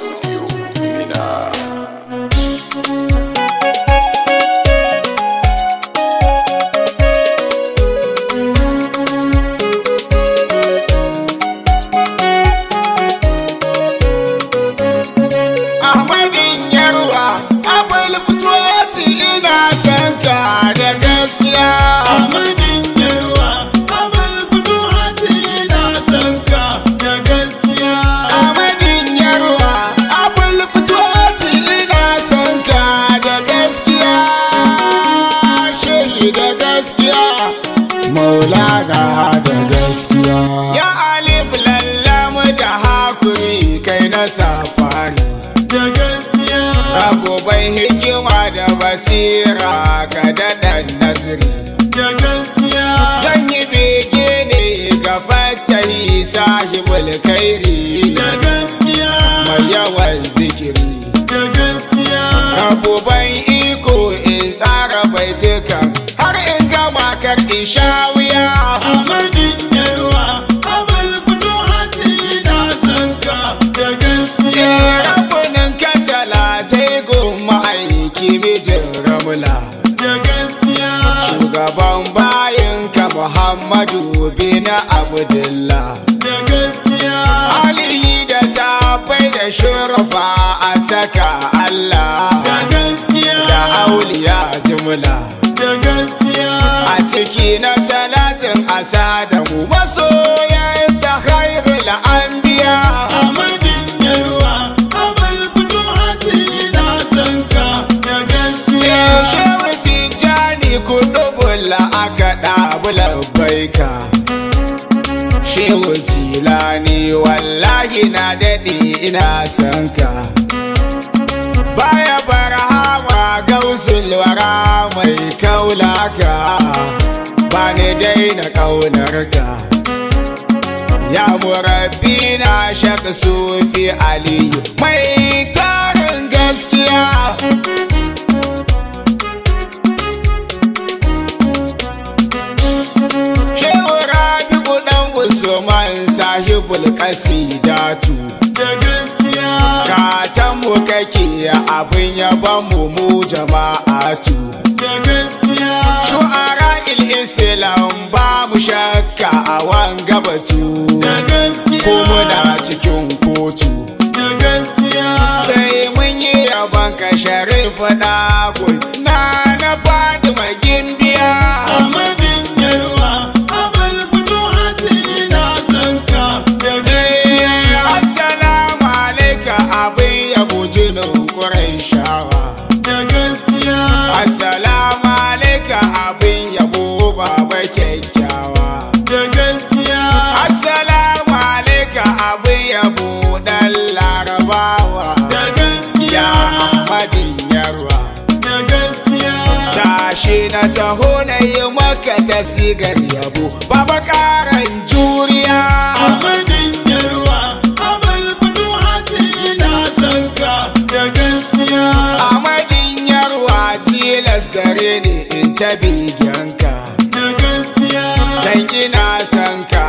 Thank you. basira ga daɗan naziri da gaskiya zan yi bege ne ga fatahi sahibul kairi da gaskiya mai yawan zikiri da gaskiya abubuwa muhammadu bina abdullah da gaskiya alihi da safai da shurfa a saka allah da gaskiya da auliya jumla da gaskiya a ciki na salatin asa da mu masoyan sa khairul ina son ka baya barhama gausul wara mai kaulaka ba dai na kaunar ka ya murabbi na shaka sufi aliyu mai tarin gaskiya Usman sahibul ƙasidatu. da gaskiya gatan mu kake abin yaban mu mu jama'atu da gaskiya shu'ara il islam ba mu shakka a wanga batu da gaskiya ko muna cikin kotu da gaskiya sai mun yi yaban ka sharif da sigar yabo baba karan juriya abadin yarwa abal fatuhati na sanka da gaskiya amadin yarwa tilas gare ni in ta bigenka da gaskiya dan ina sanka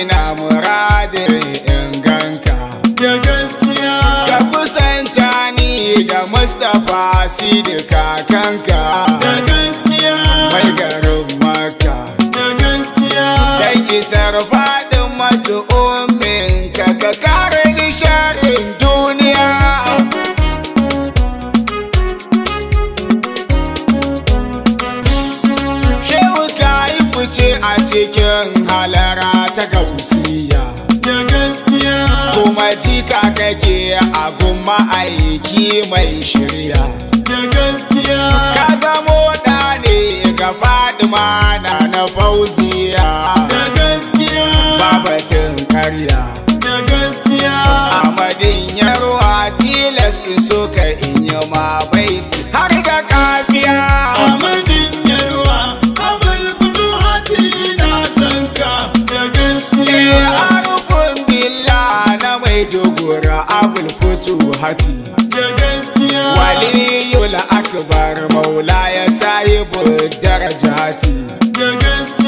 ina muradin in ganka da gaskiya ka kusanta ni da mustapha sidi kakan ma'aiki mai shirya da gaskiya ka zamo da ne ga fadima na na fauziya da gaskiya babatin karya da gaskiya amadin yarwa tilas iso ka in yi ma baiti har ga kafiya amadin yarwa abul kudu hati na sanka da gaskiya eh, arufin billa na mai dogora hati waliyul akbar maula ya sahibu darajati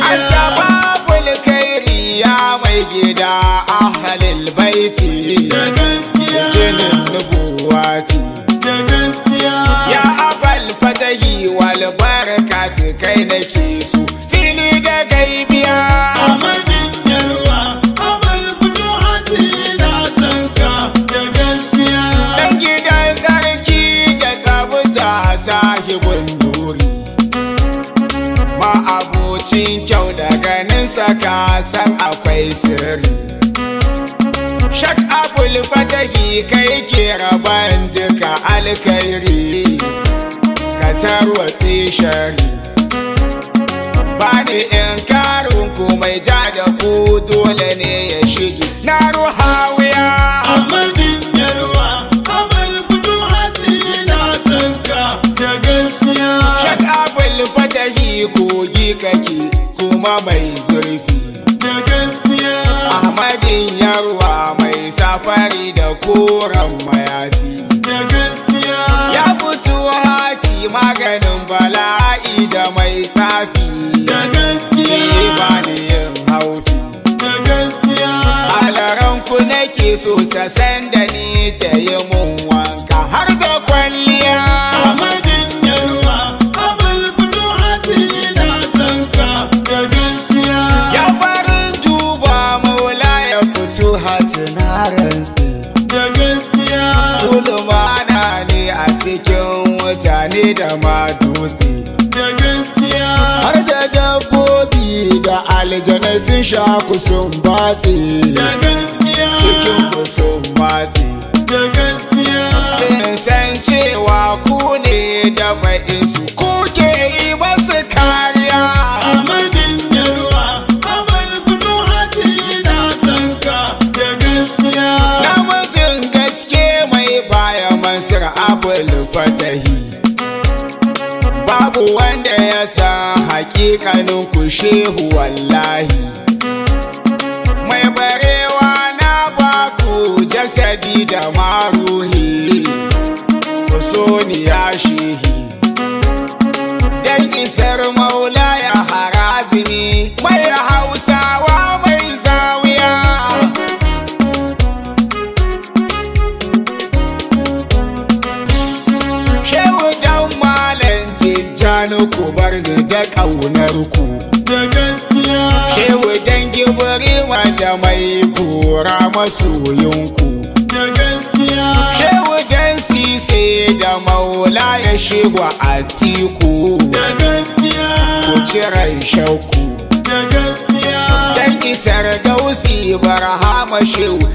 asbabul kairi ya mai gida ahlul baiti jinin nubuwati ya abal fadahi wal barakati kai nake saka san akwai sirri shak abul fatahi kai ke raban duka alkairi ka tarwatse shari ne in karin ku mai ja da ku dole ne ya shige na ruhawiya kai kake kuma mai zurfi Ahmadin yarwa mai safari da koren mayafi Ya fito hati maganin bala'i da mai safi, Da gaskiya ne yin hauti Da gaskiya Alaran ku nake so ta sanda ni ta yi mun wanka har da kwalliya na ne a cikin mutane da ma dutse. Da gaskiya. Har da dabbobi da aljanai sun sha kusan batse. Da gaskiya. Cikin kusan batse. Da gaskiya. Sun san cewa ku ne da ba'in su ko dukkanin ku shehu wallahi mai barewa na baku jasadi da maruhi ku so ni ya shehi isar maula ya harazini mai hausawa mai zawiya shehu dan malam tijjani ku bar ni ƙaunar ku da gaskiya dangi barewa da mai kora masoyinku da gaskiya dan sise da maula ya shigwa a tiku da gaskiya dan isar barhama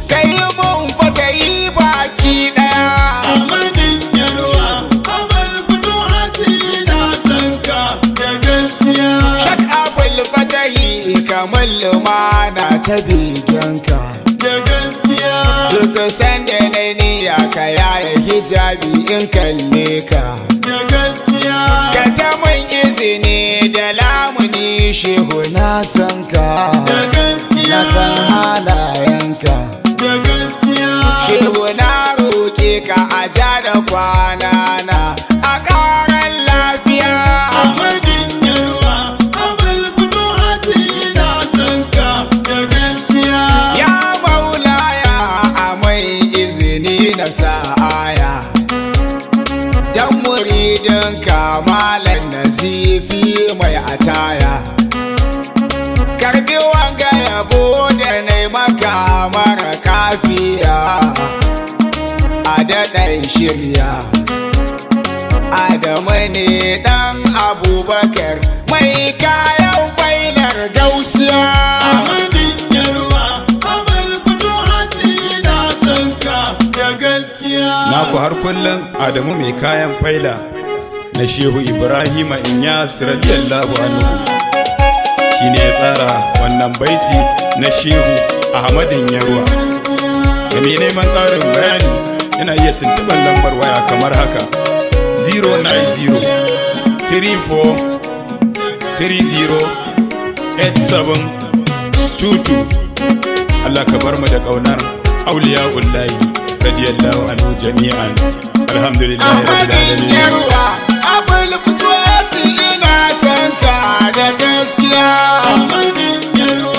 kai samun lumana ta bigenka da gaskiya duk sanda na niyya ka yaya hijabi in kalle ka da gaskiya ka ta mun izini da lamuni shehu na san ka da gaskiya na san halayenka da gaskiya shehu na roƙe ka a da kwana sa aya dan muridin kamalan nazifi mai ataya karbi wanga ya da ne maka mara kafiya a daɗin shirya adamu ne ɗan abubakar mai kayan failar gausiya naku har kullum adamu mai kayan faila na shehu ibrahima inyas radiyallahu anhu shine ya tsara wannan baiti na shehu ahmadin yarwa game neman ƙarin bayani yana iya tuntuɓar lambar waya kamar haka 090 34 30 Allah ka bar mu da ƙaunar auliya ullahi رضي الله عنه جميعا الحمد لله رب العالمين abin fitowa ina sanka da gaskiya